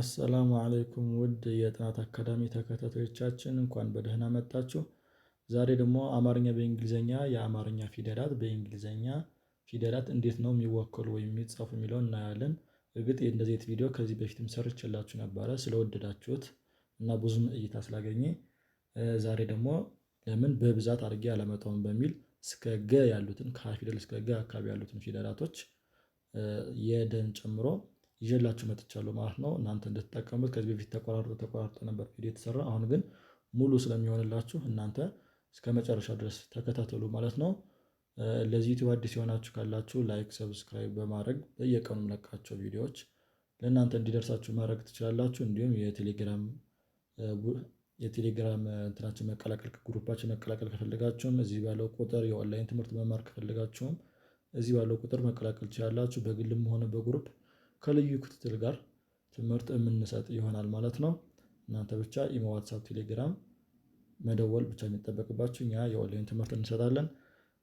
አሰላሙ አለይኩም ውድ የጥናት አካዳሚ ተከታታዮቻችን እንኳን በደህና መጣችሁ። ዛሬ ደግሞ አማርኛ በእንግሊዘኛ የአማርኛ ፊደላት በእንግሊዘኛ ፊደላት እንዴት ነው የሚወከሉ ወይም የሚጻፉ የሚለውን እናያለን። እርግጥ እንደዚህ አይነት ቪዲዮ ከዚህ በፊትም ሰርችላችሁ ነበረ ስለወደዳችሁት እና ብዙም እይታ ስላገኘ ዛሬ ደግሞ ለምን በብዛት አድርጌ አላመጣውም በሚል እስከ ገ ያሉትን ከሀ ፊደል እስከ ገ አካባቢ ያሉትን ፊደላቶች የደን ጨምሮ ይዤላችሁ መጥቻለሁ ማለት ነው። እናንተ እንድትጠቀሙት ከዚህ በፊት ተቆራርጦ ተቆራርጦ ነበር ቪዲዮ የተሰራ። አሁን ግን ሙሉ ስለሚሆንላችሁ እናንተ እስከ መጨረሻ ድረስ ተከታተሉ ማለት ነው። ለዚህ ዩቲዩብ አዲስ የሆናችሁ ካላችሁ ላይክ፣ ሰብስክራይብ በማድረግ በየቀኑ ለቃቸው ቪዲዮዎች ለእናንተ እንዲደርሳችሁ ማድረግ ትችላላችሁ። እንዲሁም የቴሌግራም የቴሌግራም እንትናችን መቀላቀል ግሩፓችን መቀላቀል ከፈልጋችሁም እዚህ ባለው ቁጥር የኦንላይን ትምህርት መማር ከፈልጋችሁም እዚህ ባለው ቁጥር መቀላቀል ትችላላችሁ። በግልም ሆነ በግሩፕ ከልዩ ክትትል ጋር ትምህርት የምንሰጥ ይሆናል ማለት ነው። እናንተ ብቻ ኢሞ፣ ዋትሳፕ፣ ቴሌግራም መደወል ብቻ የሚጠበቅባችሁ እኛ የኦንላይን ትምህርት እንሰጣለን።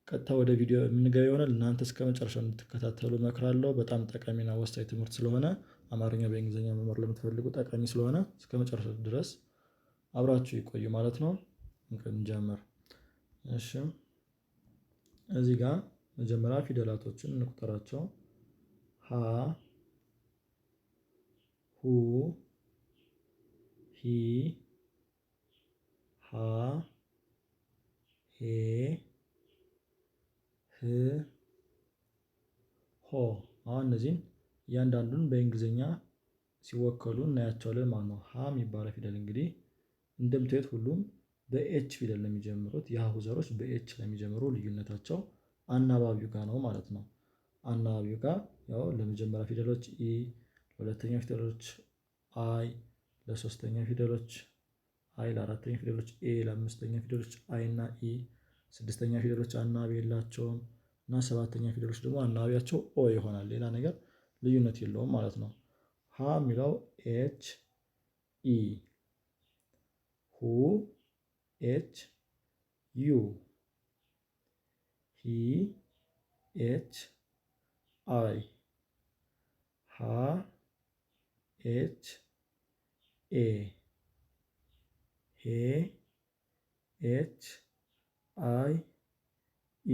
ቀጥታ ወደ ቪዲዮ የምንገባ ይሆናል እናንተ መጨረሻ እንድትከታተሉ እመክራለሁ። በጣም ጠቃሚና ወሳኝ ትምህርት ስለሆነ አማርኛ በእንግሊዝኛ መማር ለምትፈልጉ ጠቃሚ ስለሆነ መጨረሻ ድረስ አብራችሁ ይቆዩ ማለት ነው። እንጀምር። እሺ እዚህ ጋር መጀመሪያ ፊደላቶችን እንቁጠራቸው። ሀ ሁ ሂ ሃ ሄ ህ ሆ አሁን እነዚህን እያንዳንዱን በእንግሊዝኛ ሲወከሉ እናያቸዋለን ማለት ነው። ሀ የሚባለው ፊደል እንግዲህ እንደምታዩት ሁሉም በኤች ፊደል ነው የሚጀምሩት የሀሁ ዘሮች በኤች ለሚጀምሩ ልዩነታቸው አናባቢው ጋር ነው ማለት ነው። አናባቢው ጋር ያው ለመጀመሪያ ፊደሎች ኢ ሁለተኛ ፊደሎች አይ፣ ለሶስተኛ ፊደሎች አይ፣ ለአራተኛ ፊደሎች ኤ፣ ለአምስተኛ ፊደሎች አይ እና ኢ፣ ስድስተኛ ፊደሎች አናባቢ የላቸውም እና ሰባተኛ ፊደሎች ደግሞ አናቢያቸው ኦ ይሆናል። ሌላ ነገር ልዩነት የለውም ማለት ነው። ሀ የሚለው ኤች ኢ፣ ሁ ኤች ዩ፣ ሂ ኤች አይ፣ ሃ ኤች ኤ ሄ ኤች አይ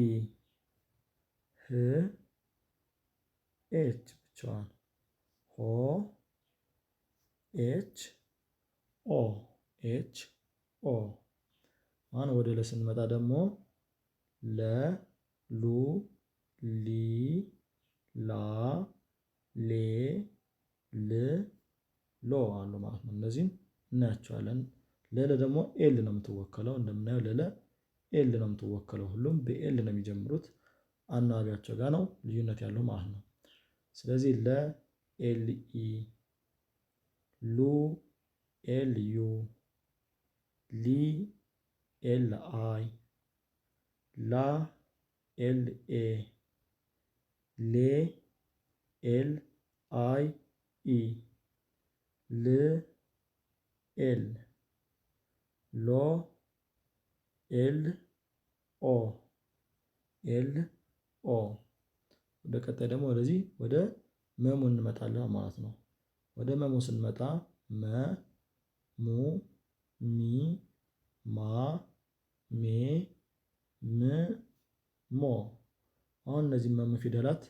ኢ ህ ኤች ብቻዋን ሆ ኤች ኦ ኤች ኦ አሁን ወደ ለ ስንመጣ ደግሞ ለ ሉ ሊ ላ ሌ ል ሎ አሉ ማለት ነው። እነዚህም እናያቸዋለን። ለለ ደግሞ ኤል ነው የምትወከለው እንደምናየው ለለ ኤል ነው የምትወከለው። ሁሉም በኤል ነው የሚጀምሩት አናባቢያቸው ጋር ነው ልዩነት ያለው ማለት ነው። ስለዚህ ለ ኤል ኢ፣ ሉ ኤል ዩ፣ ሊ ኤል አይ፣ ላ ኤል ኤ፣ ሌ ኤል አይ ኢ ል ኤል ሎ ኤል ኦ ኤል ኦ ወደ ቀጣይ ደግሞ ወደዚህ ወደ መሙ እንመጣለን ማለት ነው። ወደ መሙ ስንመጣ መ ሙ ሚ ማ ሜ ም ሞ አሁን እነዚህ መሙ ፊደላት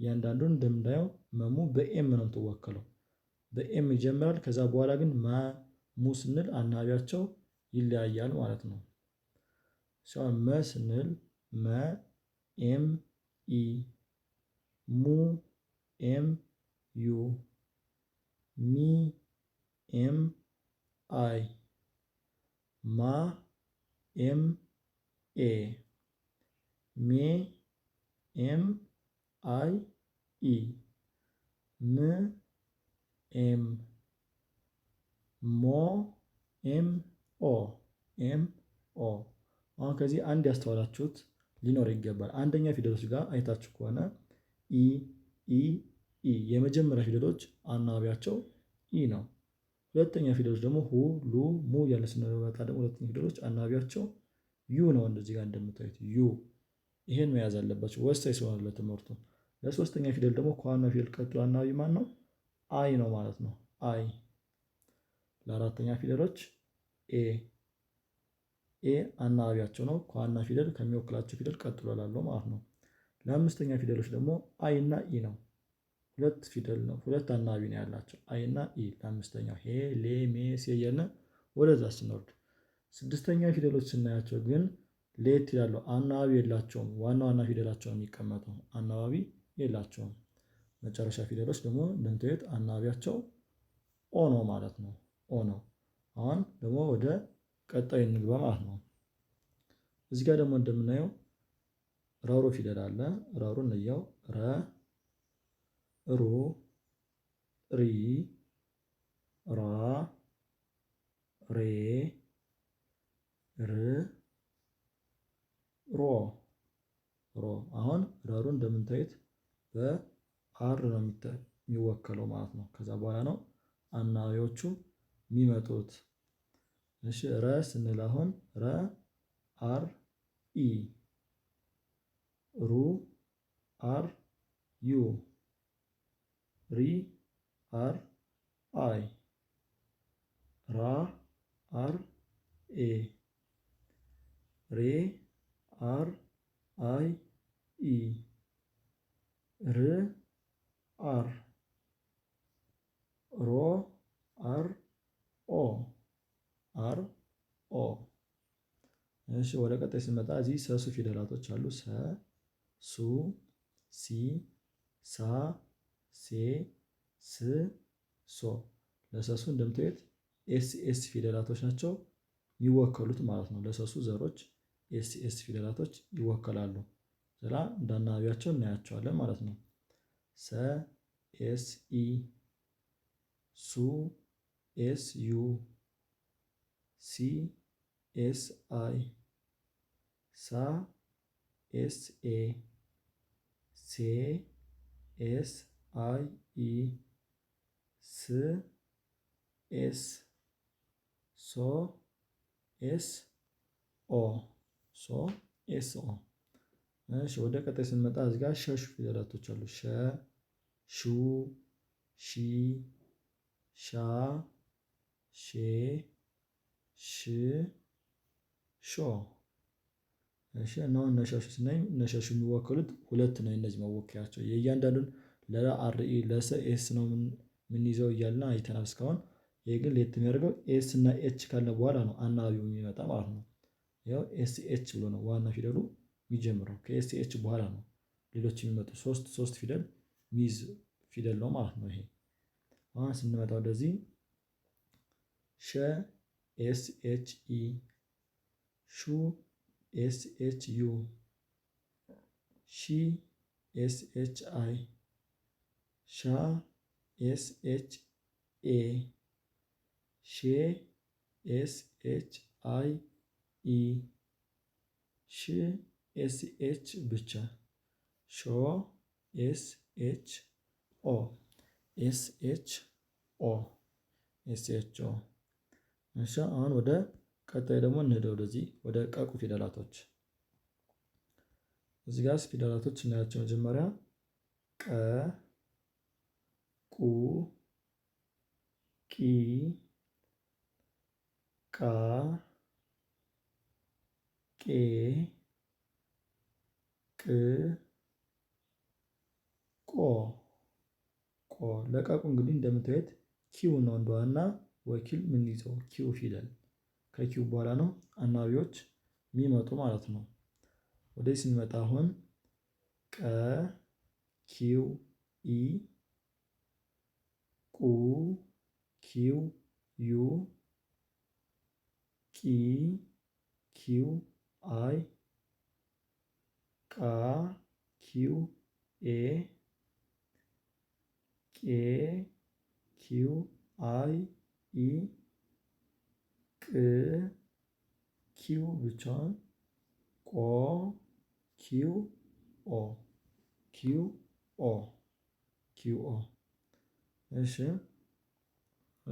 እያንዳንዱን እንደምናየው መሙ በኤም ነው የምትወከለው። በኤም ይጀምራል። ከዛ በኋላ ግን ማ ሙ ስንል አናባቢያቸው ይለያያል ማለት ነው። ሲሆን መ ስንል መ ኤም ኢ ሙ ኤም ዩ ሚ ኤም አይ ማ ኤም ኤ ሜ ኤም አይ ኢ ም ኤም ሞ ኤም ኦ ኤም ኦ አሁን ከዚህ አንድ ያስተዋላችሁት ሊኖር ይገባል። አንደኛ ፊደሎች ጋር አይታችሁ ከሆነ ኢ ኢ ኢ የመጀመሪያ ፊደሎች አናባቢያቸው ኢ ነው። ሁለተኛ ፊደሎች ደግሞ ሁ ሉ ሙ ያለ ስንመጣ ደግሞ ሁለተኛ ፊደሎች አናባቢያቸው ዩ ነው። እንደዚህ ጋር እንደምታዩት ዩ ይሄን መያዝ አለባቸው፣ ወሳኝ ስለሆነ ለትምህርቱ። ለሶስተኛ ፊደል ደግሞ ከዋና ፊደል ቀጥሎ አናባቢ ማን ነው? አይ ነው ማለት ነው። አይ ለአራተኛ ፊደሎች ኤ ኤ አናባቢያቸው ነው። ከዋና ፊደል ከሚወክላቸው ፊደል ቀጥሎ ላለው ማለት ነው። ለአምስተኛ ፊደሎች ደግሞ አይ እና ኢ ነው። ሁለት ፊደል ነው፣ ሁለት አናባቢ ነው ያላቸው አይ እና ኢ። ለአምስተኛው ሄ ሌ ሜ ሴ እያልን ወደዛ ስንወርድ ስድስተኛ ፊደሎች ስናያቸው ግን ሌት ይላሉ። አናባቢ የላቸውም። ዋና ዋና ፊደላቸው ነው የሚቀመጠው፣ አናባቢ የላቸውም። መጨረሻ ፊደሎች ደግሞ እንደምታዩት አናባቢያቸው ኦ ነው ማለት ነው። ኦ ነው። አሁን ደግሞ ወደ ቀጣይ እንግባ ማለት ነው። እዚህ ጋር ደግሞ እንደምናየው ራሮ ፊደል አለ። ራሮ እንየው። ረ፣ ሩ፣ ሪ፣ ራ፣ ሬ፣ ር፣ ሮ፣ ሮ። አሁን ራሩ እንደምታዩት በ አር ነው የሚወከለው ማለት ነው። ከዛ በኋላ ነው አናባቢዎቹ የሚመጡት። እሺ ረ ስንል አሁን ረ አር ኢ ሩ አር ዩ ሪ አር አይ ራ አር ኤ ሬ አር አይ ኢ ር አር ሮ አር ኦ አር ኦ። እሺ ወደ ቀጣይ ስንመጣ እዚህ ሰሱ ፊደላቶች አሉ። ሰ ሱ ሲ ሳ ሴ ስ ሶ። ለሰሱ እንደምታዩት ኤስ ኤስ ፊደላቶች ናቸው የሚወከሉት ማለት ነው። ለሰሱ ዘሮች ኤስ ኤስ ፊደላቶች ይወከላሉ። ስላ እንዳናቢያቸው እናያቸዋለን ማለት ነው። ሰ ኤስ ኢ ሱ ኤስ ዩ ሲ ኤስ አይ ሳ ኤስ ኤ ሴ ኤስ አይ ኢ ስ ኤስ ሶ ኤስ ኦ ሶ ኤስ ኦ። እሺ ወደ ቀጣይ ስንመጣ እዚህ ጋር ፊደላቶች አሉ። ሸ ሹ ሺ ሻ ሼ ሽ ሾ። እሺ አሁን ነሻሽ ስናይ ነሻሽ የሚወክሉት ሁለት ነው። እነዚህ መወከያቸው የእያንዳንዱን ለራ አርኢ ለሰ ኤስ ነው የምንይዘው እያልና አይተናል እስካሁን። ይህ ግን ለየት የሚያደርገው ኤስ እና ኤች ካለ በኋላ ነው አናባቢው የሚመጣ ማለት ነው። ያው ኤስ ኤች ብሎ ነው ዋና ፊደሉ የሚጀምረው ከኤስ ኤች በኋላ ነው ሌሎች የሚመጡ ሶስት ሶስት ፊደል ሚዝ ፊደል ነው ማለት ነው። ይሄ አሁን ስንመጣ ወደዚህ ሸ ኤስ ኤች ኢ ሹ ኤስ ኤች ዩ ሺ ኤስ ኤች አይ ሻ ኤስ ኤች ኤ ሼ ኤስ ኤች አይ ኢ ሽ ኤስ ኤች ብቻ ሾ ኤስ ኤች ኦ ኤስ ኤች ኦ ኤስ እሺ አሁን ወደ ቀጣይ ደግሞ እንሄደ ወደዚህ ወደ ቀቁ ፊደላቶች እዚህ ጋር ፊደላቶች እናያቸው። መጀመሪያ ቀ ቁ ቂ ቃ ቄ ቅ ቆ ቆ ለቃቁ እንግዲህ እንደምታዩት ኪው ነው እንደዋና ወኪል የምንይዘው ኪው ፊደል ከኪው በኋላ ነው አናባቢዎች የሚመጡ ማለት ነው። ወደዚህ ስንመጣ አሁን ቀ ኪው ኢ ቁ ኪው ዩ ቂ ኪው አይ ቃ ኪው ኤ ኬ ኪው አይ ኢ ቅ ኪው ብቻዋን ቆ ኪው ኦ ኪው ኦ ኪው ኦ። እሺ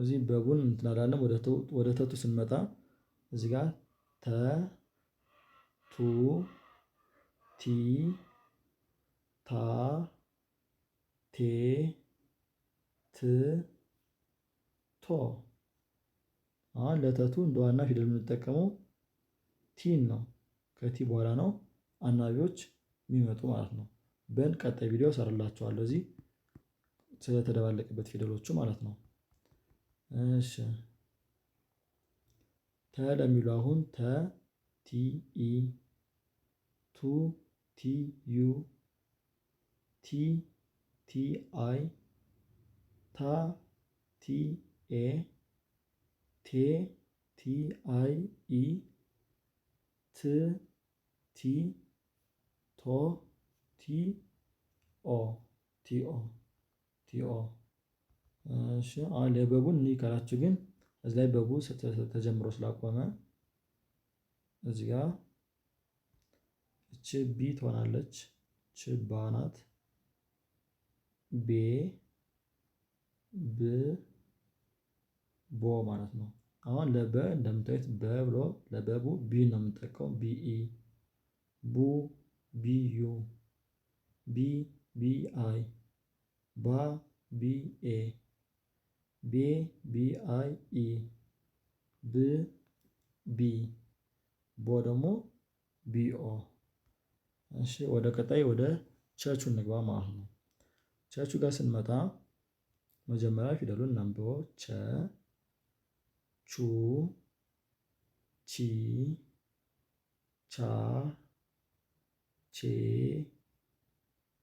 እዚህ በቡን እንትናላለን። ወደ ተቱ ስንመጣ እዚህ ጋር ተ ቱ ቲ ታ ቴ ቶ አሁን ለተቱ እንደ ዋና ፊደል የምንጠቀመው ቲን ነው። ከቲ በኋላ ነው አናባቢዎች የሚመጡ ማለት ነው። በን ቀጣይ ቪዲዮ እሰራላችኋለሁ እዚህ ስለተደባለቀበት ፊደሎቹ ማለት ነው። እሺ ተ ለሚሉ አሁን ተ ቲ ኢ ቱ ቲ ዩ ቲ ቲ አይ ታ ቲ ኤ ቴ ቲ አይ ኢ ት ቲ ቶ ቲ ኦ ቲኦ ቲኦ እሺ አሁን ለበቡን እንይ ካላችሁ ግን እዚህ ላይ በቡ ተጀምሮ ስላቆመ እዚህ ጋር እቺ ቢ ትሆናለች። ችባ ናት ቤ ብ ቦ ማለት ነው። አሁን ለበ እንደምታዩት በ ብሎ ለበቡ ቢ ነው የምንጠቀው ቢ ኢ ቡ ቢ ዩ ቢ ቢ አይ ባ ቢ ኤ ቤ ቢ አይ ኢ ብ ቢ ቦ ደግሞ ቢ ኦ። እሺ ወደ ቀጣይ ወደ ቸቹ እንግባ ማለት ነው። ቸቹ ጋር ስንመጣ መጀመሪያ ፊደሉን እናንብበው። ቸ ቹ ቺ ቻ ቼ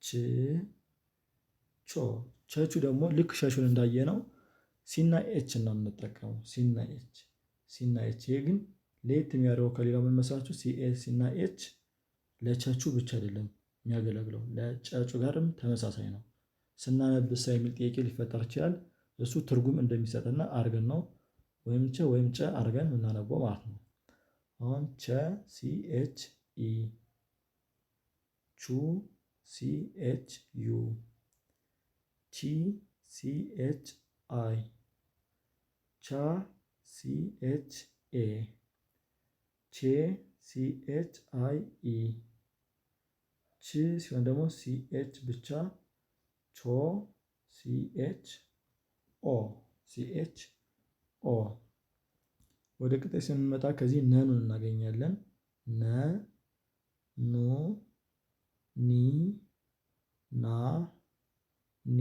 ች ቾ። ቸቹ ደግሞ ልክ ሸሹን እንዳየ ነው ሲና ኤች እና የምንጠቀመው ሲና ኤች ሲና ኤች። ይሄ ግን ለየት የሚያደርገው ከሌላው ምን መሰላችሁ? ሲኤ ሲና ኤች ለቸቹ ብቻ አይደለም የሚያገለግለው ለጨጩ ጋርም ተመሳሳይ ነው። ስናነብሳ የሚል ጥያቄ ሊፈጠር ይችላል። እሱ ትርጉም እንደሚሰጥና አርገን ነው ወይም ቸ ወይም ጨ አርገን የምናነበው ማለት ነው። አሁን ቸ ሲ ኤች ኢ ቹ ሲ ኤች ዩ ቺ ሲ ኤች አይ ቻ ሲ ኤች ኤ ቼ ሲ ኤች አይ ኢ ቺ ሲሆን ደግሞ ሲ ኤች ብቻ ቾ ሲኤች ኦ ሲኤች ኦ። ወደ ቀጣይ ስንመጣ ከዚህ ነኑን እናገኛለን። ነ ኑ ኒ ና ኔ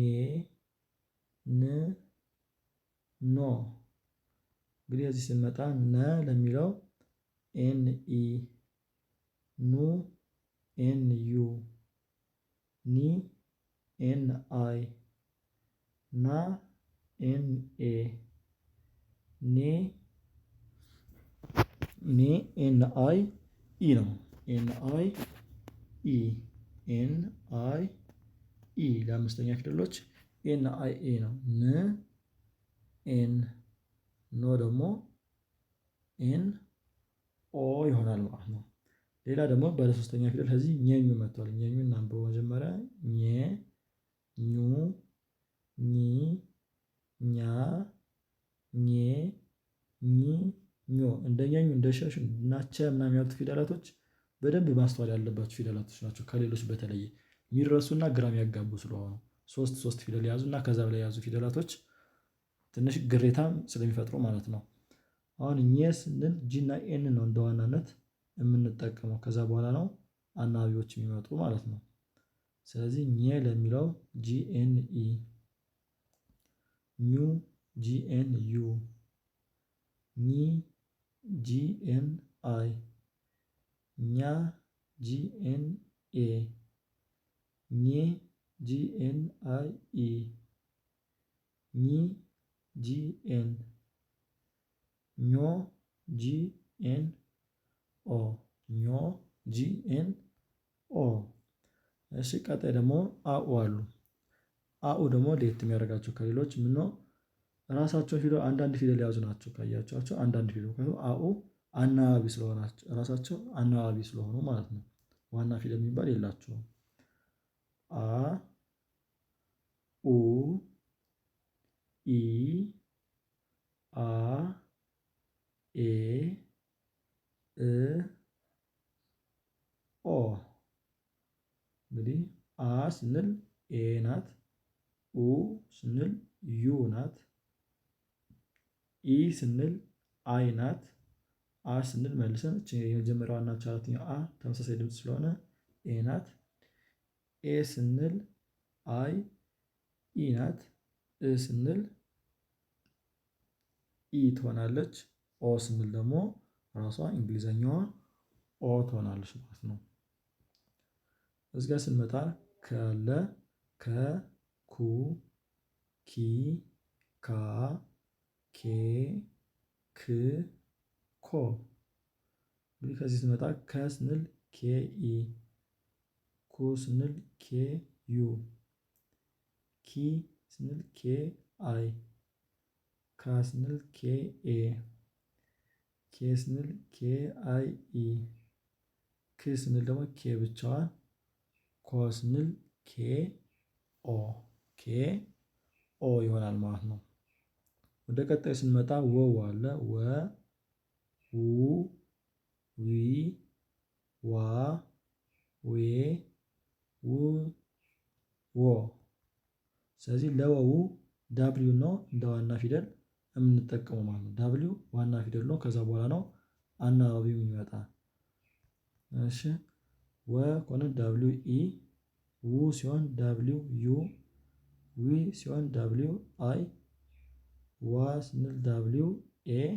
ን ኖ። እንግዲህ እዚህ ስንመጣ ነ ለሚለው ኤን ኢ ኑ ኤን ዩ ኒ ኤን አይ ና ኤን ኤ ኔ ኔ ኤን አይ ኢ ነው። ኤን አይ ኢ ኤን አይ ኢ ለአምስተኛ ፊደሎች ኤን አይ ኤ ነው። ን ኤን ኖ ደግሞ ኤን ኦ ይሆናል ማለት ነው። ሌላ ደግሞ ባለ ሶስተኛ ፊደል ከዚህ ኘኙ መጥቷል። ኘኙ እናንብበው መጀመሪያ ኘ ኙ ኚ ኛ ኜ ኚ ኞ እንደ ኘ እንደ ሸ እና ምናምን ያሉት ፊደላቶች በደንብ ማስተዋል ያለባቸው ፊደላቶች ናቸው። ከሌሎች በተለየ የሚረሱና ግራ የሚያጋቡ ስለሆኑ ሶስት ሶስት ፊደል እና ከዛ በላይ የያዙ ፊደላቶች ትንሽ ግሬታም ስለሚፈጥሩ ማለት ነው። አሁን ኘ ስንል ጂና ኤን ነው እንደዋናነት የምንጠቀመው ከዛ በኋላ ነው አናባቢዎች የሚመጡ ማለት ነው ስለዚህ ኘ ለሚለው ጂኤን ኢ ኙ ጂኤን ዩ ኚ ጂኤን አይ ኛ ጂኤን ኤ ኜ ጂኤን አይ ኢ ኚ ጂኤን ኞ ጂኤን ኦ ኞ ጂኤን ኦ እሺ ቀጣይ ደግሞ አኡ አሉ። አኡ ደግሞ ለየት የሚያደርጋቸው ከሌሎች ምን ምነው ራሳቸውን ፊደል አንዳንድ ፊደል የያዙ ናቸው ካያችኋቸው አንዳንድ ፊደል ካሉ አኡ አናባቢ ስለሆናቸው ራሳቸው አናባቢ ስለሆኑ ማለት ነው። ዋና ፊደል የሚባል የላቸውም። አ ኡ ኢ አ ኤ እ ኦ እንግዲህ አ ስንል ኤ ናት። ኡ ስንል ዩ ናት። ኢ ስንል አይ ናት። አ ስንል መልሰን እና አራተኛው አ ተመሳሳይ ድምፅ ስለሆነ ኤ ናት። ኤ ስንል አይ ኢ ናት። እ ስንል ኢ ትሆናለች። ኦ ስንል ደግሞ ራሷ እንግሊዘኛዋ ኦ ትሆናለች ማለት ነው እዚ ጋር ስንመጣ ከለ ከ ኩ ኪ ካ ኬ ክ ኮ እንግዲህ ከዚህ ስንመጣ ከ ስንል ኬ ኢ ኩ ስንል ኬ ዩ ኪ ስንል ኬ አይ ካ ስንል ኬ ኤ ኬ ስንል ኬ አይ ኢ ክ ስንል ደግሞ ኬ ብቻዋን ኮ ስንል ኬ ኦ ኬ ኦ ይሆናል ማለት ነው። ወደ ቀጣይ ስንመጣ ወው አለ ወ ው ዊ ዋ ዌ ው ዎ ስለዚህ ለወው ዳብሊው ነው እንደ ዋና ፊደል የምንጠቀመው ማለት ነው። ዳብሊው ዋና ፊደል ነው ከዛ በኋላ ነው አናባቢው የሚመጣ እሺ ወ ከሆነ ዳብሊው ኢ ው ሲሆን ዳብሊው ዩ ዊ ሲሆን ዳብሊው አይ ዋ ስንል ዳብሊው ኤ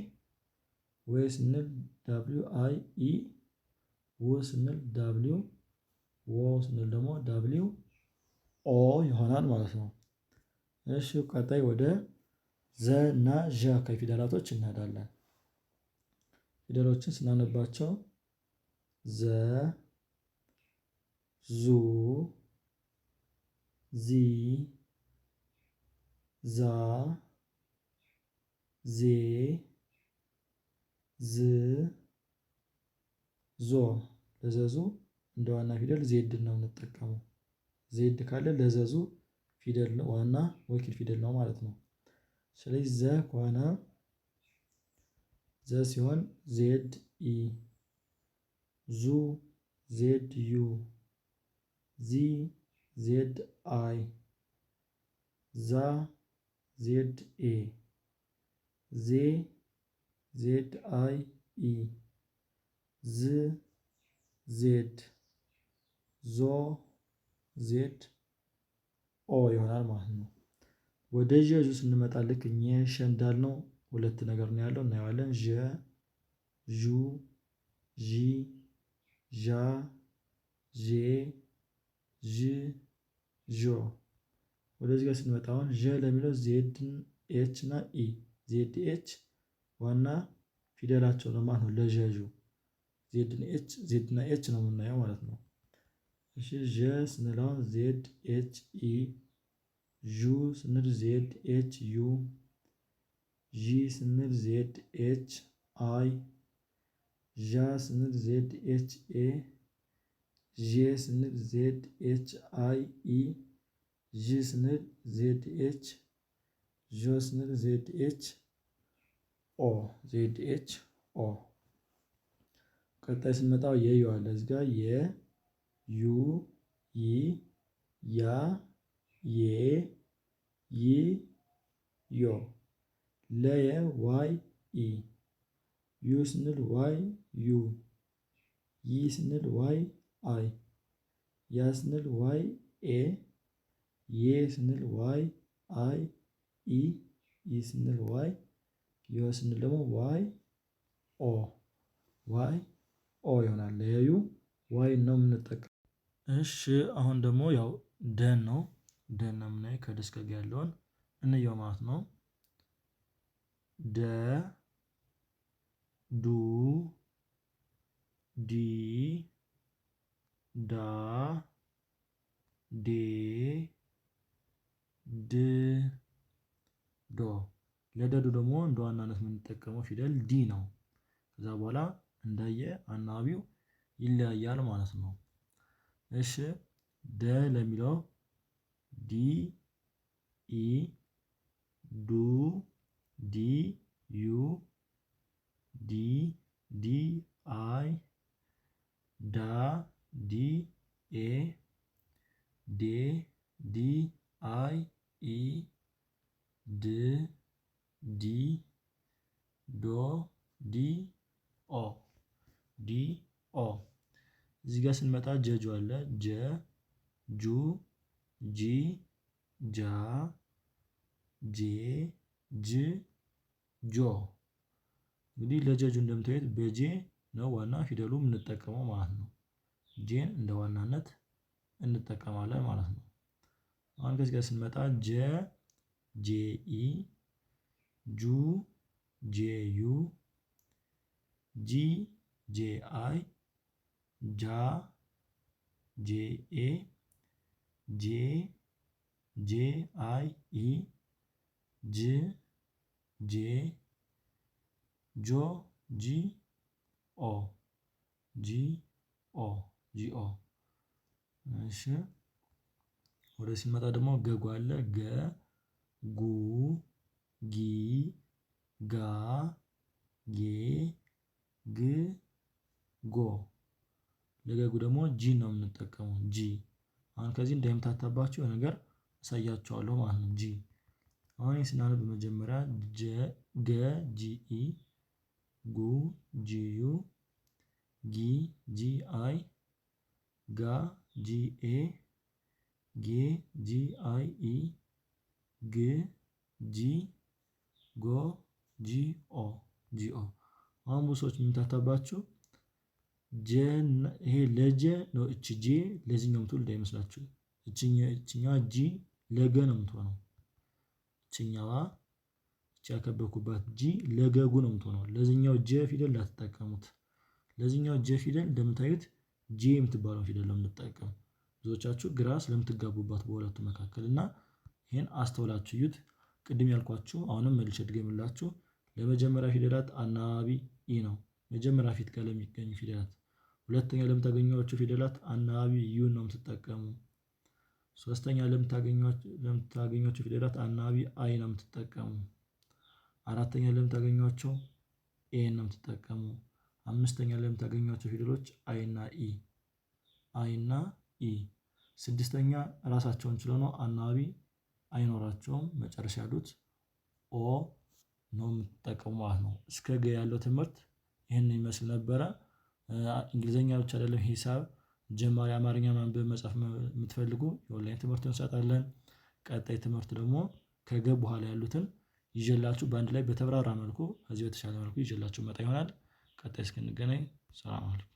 ዌ ስንል ዳብሊው አይ ኢ ው ስንል ዳብሊው ዎ ስንል ደግሞ ዳብሊው ኦ ይሆናል ማለት ነው። እሺ ቀጣይ ወደ ዘ እና ዣ ከፊደላቶች እንሄዳለን። ፊደሎችን ስናነባቸው ዘ ዙ ዚ ዛ ዜ ዝ ዞ ለዘዙ እንደ ዋና ፊደል ዜድን ነው የምንጠቀመው። ዜድ ካለ ለዘዙ ፊደል ዋና ወኪል ፊደል ነው ማለት ነው። ስለዚህ ዘ ከሆነ ዘ ሲሆን ዜድ ኢ ዙ ዜድ ዩ ዚ ዜድ አይ ዛ ዜድ ኤ ዜ ዜድ አይ ኢ ዝ ዜድ ዞ ዜድ ኦ ይሆናል ማለት ነው። ወደ ዠ ስንመጣ ልክ እኘ ሸ እንዳልነው ሁለት ነገር ነው ያለው እናየዋለን። ዠ ዡ ዢ ዣ ዤ ዥ ዦ ወደዚህ ጋር ስንመጣ አሁን ዥ ለሚለው ዜድ ኤች እና ኢ ዜድ ኤች ዋና ፊደላቸው ነው ማለት ነው። ለዠዡ ዜድ ኤች ዜድ እና ኤች ነው የምናየው ማለት ነው። እሺ ዥ ስንለውን ዜድ ኤች ኢ ዡ ስንል ዜድ ኤች ዩ ዢ ስንል ዜድ ኤች አይ ዣ ስንል ዜድ ኤች ኤ ዤ ስንል ዜድ ኤች አይ ኢ ዢ ስንል ዜድ ኤች ዦ ስንል ዜድ ኤች ኦ ዜድ ኤች ኦ። ቀጣይ ስንመጣው የዩ አለ እዚህ ጋር የ ዩ ይ ያ የ ይ ዮ ለየ ዋይ ኢ ዩ ስንል ዋይ ዩ ይ ስንል ዋይ አይ ያ ስንል ዋይ ኤ ዬ ስንል ዋይ አይ ኢ ኢ ስንል ዋይ ዮ ስንል ደግሞ ዋይ ኦ ዋይ ኦ ይሆናል። ለዩ ዋይ ነው የምንጠቀመው። እሺ አሁን ደግሞ ያው ደን ነው ደን ነው የምናየው ከደስከ ጋር ያለውን እንየው ማለት ነው። ደ ዱ ዲ ዳ ዴ ድ ዶ። ለደዱ ደግሞ እንደ ዋናነት የምንጠቀመው ፊደል ዲ ነው። ከዛ በኋላ እንደየ አናባቢው ይለያያል ማለት ነው። እሺ ደ ለሚለው ዲ ኢ ዱ ዲ ዩ ዲ ዲ አይ ዳ ዲ ኤ ዴ ዲ አይ ኢ ድ ዲ ዶ ዲ ኦ ዲ ኦ እዚህ ጋር ስንመጣ ጀጁ አለ ጀ ጁ ጂ ጃ ጄ ጅ ጆ እንግዲህ ለጀጁ እንደምታዩት በጄ ነው ዋና ፊደሉ የምንጠቀመው ማለት ነው። ጄን እንደ ዋናነት እንጠቀማለን ማለት ነው። አሁን ከዚህ ጋር ስንመጣ ጀ ኢ ጁ ጄ ዩ ጂ አይ ጃ ኤ ጄ አይ ኢ ጅ ጄ ጆ ጂ ኦ ጂ ኦ ጂኦ እሺ ወደ ሲመጣ ደግሞ ገጉ አለ ገ ጉ ጊ ጋ ጌ ግ ጎ ለገጉ ደግሞ ጂ ነው የምንጠቀመው ጂ አሁን ከዚህ እንደምታታባቸው ነገር አሳያችኋለሁ ማለት ነው። ጂ አሁን ይሄን በመጀመሪያ ጀ ገ ጂ ኢ ጉ ጂ ዩ ጊ ጂ አይ ga ga ggie gጂ ጎ ጂኦ ጂኦ አሁን ብዙ ሰዎች የምታታባችሁ ይሄ ለጀ ነው እች ጄ ለዚህ ነው የምትውል እንዳይመስላችሁ። እችኛዋ ጂ ለገ ነው የምትሆነው። እችኛዋ እች ያከበኩባት ጂ ለገጉ ነው የምትሆነው። ለዚህኛው ጀ ፊደል ላትጠቀሙት። ለዚህኛው ጀ ፊደል እንደምታዩት ጂ የምትባለውን ፊደል ነው ብዙዎቻችሁ ግራ ስለምትጋቡባት በሁለቱ መካከል እና ይህን አስተውላችሁ እዩት። ቅድም ያልኳችሁ አሁንም መልሼ ድገምላችሁ። ለመጀመሪያ ፊደላት አናባቢ ኢ ነው። መጀመሪያ ፊት ቀለም የሚገኙ ፊደላት። ሁለተኛ ለምታገኟቸው ፊደላት አናባቢ ዩን ነው የምትጠቀሙ። ሶስተኛ ለምታገኟቸው ፊደላት አናባቢ አይ ነው የምትጠቀሙ። አራተኛ ለምታገኟቸው ኤ ነው የምትጠቀሙ። አምስተኛ ላይ የምታገኟቸው ፊደሎች አይ እና ኢ አይ እና ኢ። ስድስተኛ ራሳቸውን ችለው ነው አናባቢ አይኖራቸውም። መጨረሻ ያሉት ኦ ነው የምትጠቀሙ ማለት ነው። እስከ ገ ያለው ትምህርት ይህን ይመስል ነበረ። እንግሊዝኛ ብቻ አይደለም ሂሳብ ጀማሪ አማርኛ ማንበብ መጻፍ የምትፈልጉ የኦንላይን ትምህርት እንሰጣለን። ቀጣይ ትምህርት ደግሞ ከገ በኋላ ያሉትን ይዤላችሁ በአንድ ላይ በተብራራ መልኩ ከዚህ በተሻለ መልኩ ይዤላችሁ መጣ ይሆናል። ቀጣይ እስክንገናኝ ሰላም አለኩም።